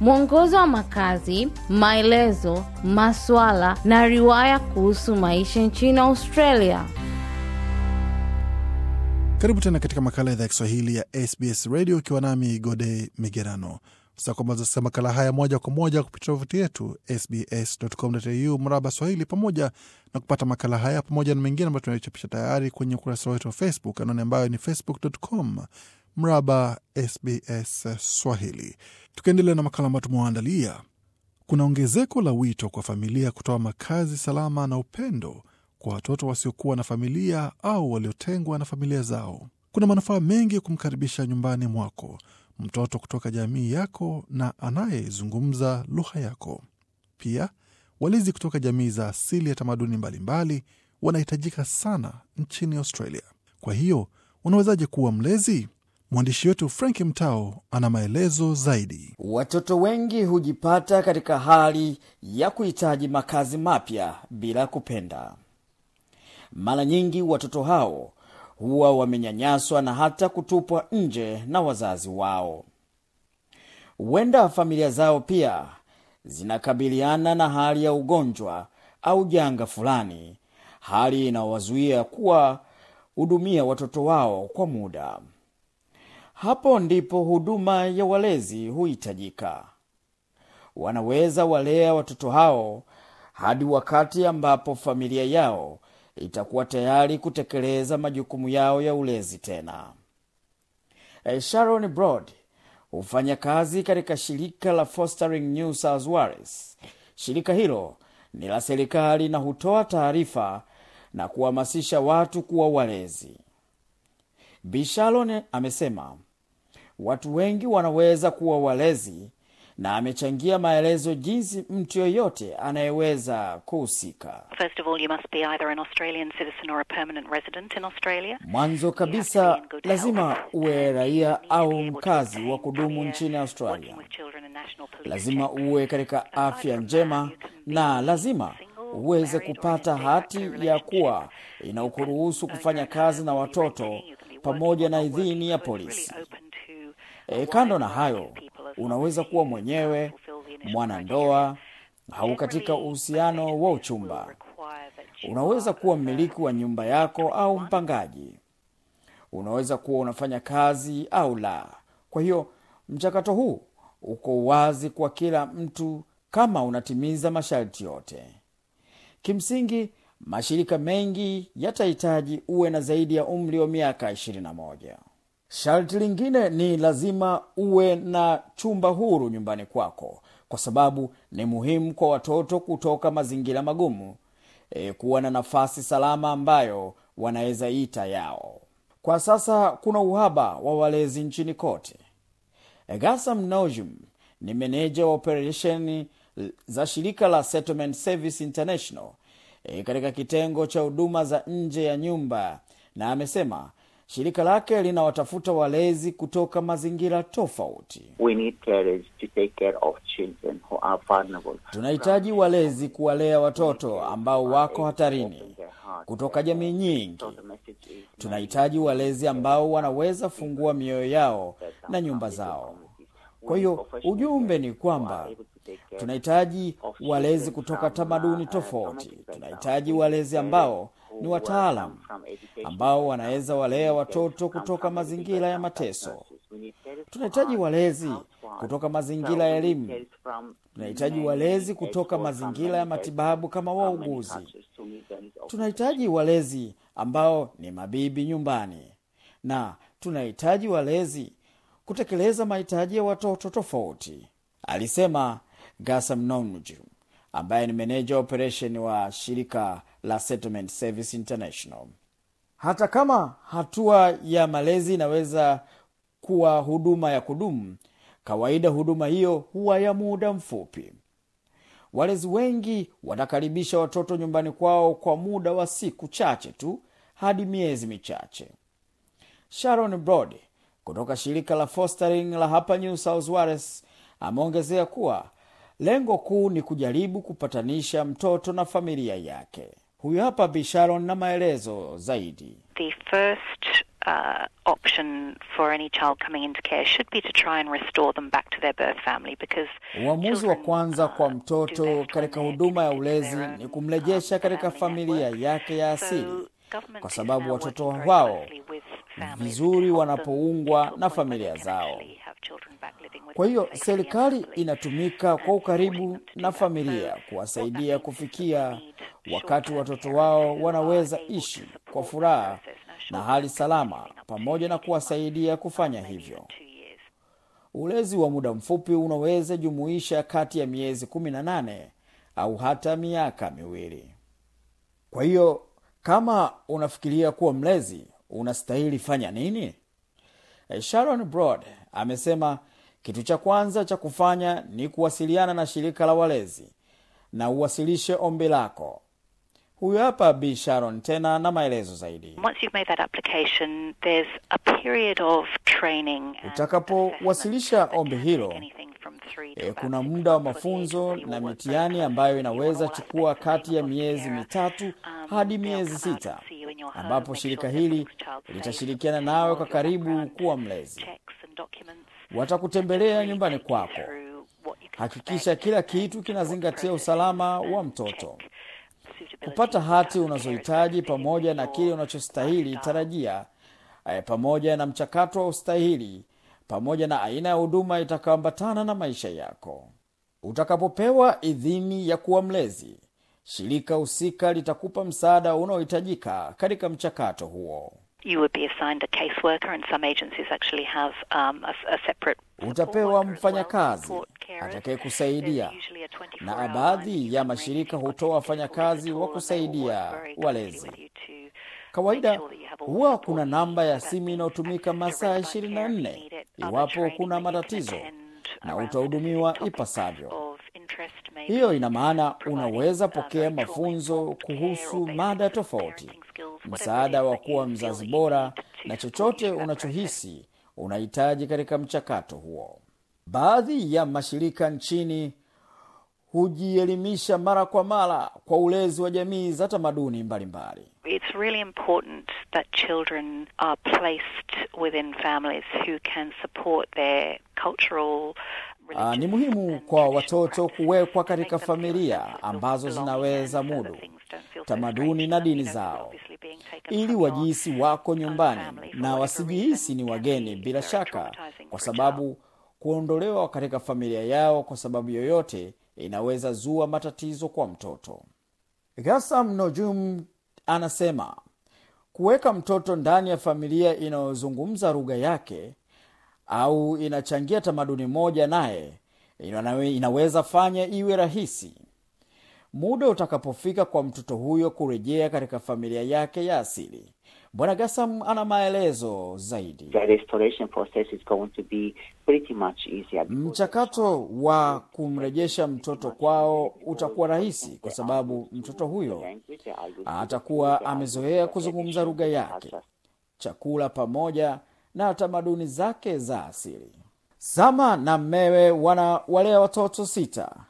mwongozo wa makazi, maelezo, maswala na riwaya kuhusu maisha nchini Australia. Karibu tena katika makala idhaa ya Kiswahili ya SBS Radio, ukiwa nami Gode Migerano. Sasa makala haya moja kwa moja kupitia tovuti yetu sbscu mraba Swahili, pamoja na kupata makala haya pamoja na mengine ambayo tunayochapisha tayari kwenye ukurasa wetu wa Facebook, anaone ambayo ni facebook.com mraba SBS Swahili. Tukiendelea na makala ambayo tumewaandalia, kuna ongezeko la wito kwa familia kutoa makazi salama na upendo kwa watoto wasiokuwa na familia au waliotengwa na familia zao. Kuna manufaa mengi ya kumkaribisha nyumbani mwako mtoto kutoka jamii yako na anayezungumza lugha yako. Pia walezi kutoka jamii za asili ya tamaduni mbalimbali wanahitajika sana nchini Australia. Kwa hiyo unawezaje kuwa mlezi? Mwandishi wetu Frank Mtao ana maelezo zaidi. Watoto wengi hujipata katika hali ya kuhitaji makazi mapya bila kupenda. Mara nyingi watoto hao huwa wamenyanyaswa na hata kutupwa nje na wazazi wao. Huenda familia zao pia zinakabiliana na hali ya ugonjwa au janga fulani, hali inayowazuia kuwahudumia watoto wao kwa muda. Hapo ndipo huduma ya walezi huhitajika. Wanaweza walea watoto hao hadi wakati ambapo familia yao itakuwa tayari kutekeleza majukumu yao ya ulezi tena. Eh, Sharon Broad hufanya kazi katika shirika la Fostering New South Wales. Shirika hilo ni la serikali na hutoa taarifa na kuhamasisha watu kuwa walezi. bisharon amesema watu wengi wanaweza kuwa walezi na amechangia maelezo jinsi mtu yoyote anayeweza kuhusika. Mwanzo kabisa lazima uwe raia au mkazi wa kudumu uh, nchini Australia. Lazima uwe katika afya njema na lazima uweze kupata hati ya kuwa inaokuruhusu kufanya kazi na watoto pamoja na idhini ya polisi. E, kando na hayo, unaweza kuwa mwenyewe, mwana ndoa au katika uhusiano wa uchumba. Unaweza kuwa mmiliki wa nyumba yako au mpangaji. Unaweza kuwa unafanya kazi au la. Kwa hiyo mchakato huu uko wazi kwa kila mtu kama unatimiza masharti yote. Kimsingi, mashirika mengi yatahitaji uwe na zaidi ya umri wa miaka 21 sharti lingine ni lazima uwe na chumba huru nyumbani kwako kwa sababu ni muhimu kwa watoto kutoka mazingira magumu e, kuwa na nafasi salama ambayo wanaweza ita yao kwa sasa kuna uhaba wa walezi nchini kote gasam nojum ni meneja wa operesheni za shirika la settlement service international e, katika kitengo cha huduma za nje ya nyumba na amesema Shirika lake linawatafuta walezi kutoka mazingira tofauti. Tunahitaji walezi kuwalea watoto ambao wako hatarini kutoka jamii nyingi. Tunahitaji walezi ambao wanaweza fungua mioyo yao na nyumba zao. Kwa hiyo ujumbe ni kwamba tunahitaji walezi kutoka tamaduni tofauti. Tunahitaji walezi ambao ni wataalam ambao wanaweza walea watoto kutoka mazingira ya mateso. Tunahitaji walezi kutoka mazingira ya elimu, tunahitaji walezi kutoka mazingira ya matibabu kama wauguzi, tunahitaji walezi ambao ni mabibi nyumbani, na tunahitaji walezi kutekeleza mahitaji ya watoto tofauti, alisema Gasamnonju ambaye ni meneja operation wa shirika la Settlement Service International. Hata kama hatua ya malezi inaweza kuwa huduma ya kudumu, kawaida huduma hiyo huwa ya muda mfupi. Walezi wengi watakaribisha watoto nyumbani kwao kwa muda wa siku chache tu hadi miezi michache. Sharon Brody kutoka shirika la fostering la hapa New South Wales ameongezea kuwa Lengo kuu ni kujaribu kupatanisha mtoto na familia yake. Huyu hapa bisharon na maelezo zaidi. The first Uh, option for any child coming into care should be to try and restore them back to their birth family because uamuzi wa kwanza kwa uh, mtoto katika huduma ya ulezi ni uh, kumrejesha katika familia yake ya asili, kwa sababu watoto wao vizuri wanapoungwa na familia zao. Kwa hiyo serikali inatumika kwa ukaribu na familia kuwasaidia kufikia wakati watoto wao wanaweza ishi kwa furaha na hali salama, pamoja na kuwasaidia kufanya hivyo. Ulezi wa muda mfupi unaweza jumuisha kati ya miezi kumi na nane au hata miaka miwili. Kwa hiyo kama unafikiria kuwa mlezi, unastahili fanya nini? Eh, Sharon Broad amesema kitu cha kwanza cha kufanya ni kuwasiliana na shirika la walezi na uwasilishe ombi lako. Huyu hapa b Sharon tena na maelezo zaidi. Utakapowasilisha ombi hilo, e, kuna muda wa mafunzo na mitihani ambayo inaweza chukua kati ya miezi mitatu um, hadi miezi sita, ambapo shirika hili litashirikiana nawe kwa karibu kuwa mlezi watakutembelea nyumbani kwako. Hakikisha kila kitu kinazingatia usalama wa mtoto, kupata hati unazohitaji pamoja na kile unachostahili tarajia, eh, pamoja na mchakato wa ustahili, pamoja na aina ya huduma itakayoambatana na maisha yako. Utakapopewa idhini ya kuwa mlezi, shirika husika litakupa msaada unaohitajika katika mchakato huo you would be assigned a caseworker and some agencies actually have um, a, a separate utapewa mfanyakazi atakaye kusaidia na baadhi ya mashirika hutoa wafanyakazi wa kusaidia walezi kawaida huwa kuna namba ya simu inayotumika masaa na nne iwapo kuna matatizo na utahudumiwa ipasavyo hiyo ina maana unaweza pokea mafunzo kuhusu mada tofauti msaada wa kuwa mzazi bora na chochote unachohisi unahitaji katika mchakato huo. Baadhi ya mashirika nchini hujielimisha mara kwa mara kwa ulezi wa jamii za tamaduni mbalimbali. It's really important that children are placed within families who can support their cultural Aa, ah, ni muhimu kwa watoto kuwekwa katika familia ambazo zinaweza mudu tamaduni na dini zao ili wajihisi wako nyumbani na wasijihisi ni wageni bila shaka, kwa sababu kuondolewa katika familia yao kwa sababu yoyote inaweza zua matatizo kwa mtoto. gasam Nojum anasema kuweka mtoto ndani ya familia inayozungumza lugha yake au inachangia tamaduni moja naye inaweza fanya iwe rahisi muda utakapofika kwa mtoto huyo kurejea katika familia yake ya asili. Bwana Gasam ana maelezo zaidi. Mchakato wa kumrejesha mtoto kwao utakuwa rahisi, kwa sababu mtoto huyo atakuwa amezoea kuzungumza lugha yake, chakula, pamoja na tamaduni zake za asili. Sama na mmewe wana walea watoto sita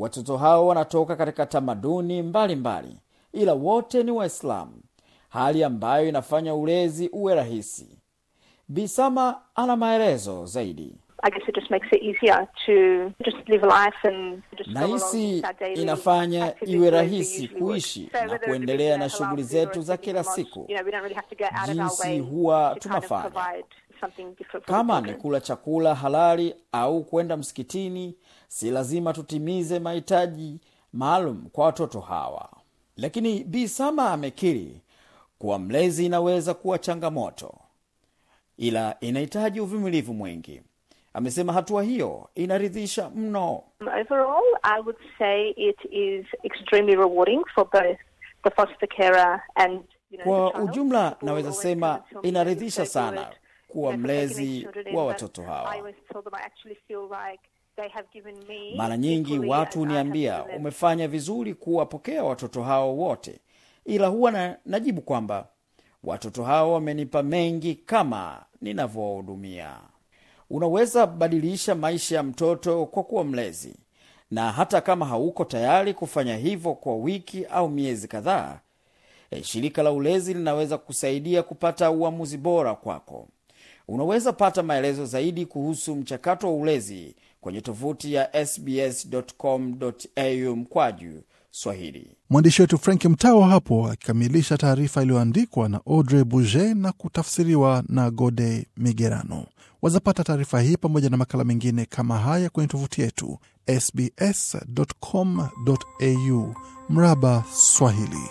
Watoto hao wanatoka katika tamaduni mbalimbali mbali, ila wote ni Waislamu, hali ambayo inafanya ulezi uwe rahisi. Bisama ana maelezo zaidi. Nahisi inafanya iwe rahisi kuishi na kuendelea na shughuli zetu za kila siku, jinsi huwa tunafanya something different kama ni kula chakula halali au kwenda msikitini si lazima tutimize mahitaji maalum kwa watoto hawa lakini bi sama amekiri kuwa mlezi inaweza kuwa changamoto ila inahitaji uvumilivu mwingi amesema hatua hiyo inaridhisha mno overall i would say it is extremely rewarding for both the foster carer and you know, kwa ujumla naweza sema inaridhisha sana kuwa mlezi wa watoto hawa. Mara nyingi watu huniambia umefanya vizuri kuwapokea watoto hao wote, ila huwa na, najibu kwamba watoto hao wamenipa mengi kama ninavyowahudumia. Unaweza badilisha maisha ya mtoto kwa kuwa mlezi, na hata kama hauko tayari kufanya hivyo kwa wiki au miezi kadhaa, eh, shirika la ulezi linaweza kusaidia kupata uamuzi bora kwako. Unaweza pata maelezo zaidi kuhusu mchakato wa ulezi kwenye tovuti ya sbs.com.au mkwaju Swahili. Mwandishi wetu Frank Mtao hapo akikamilisha taarifa iliyoandikwa na Audrey Buget na kutafsiriwa na Gode Migerano. Wazapata taarifa hii pamoja na makala mengine kama haya kwenye tovuti yetu sbs.com.au mraba Swahili.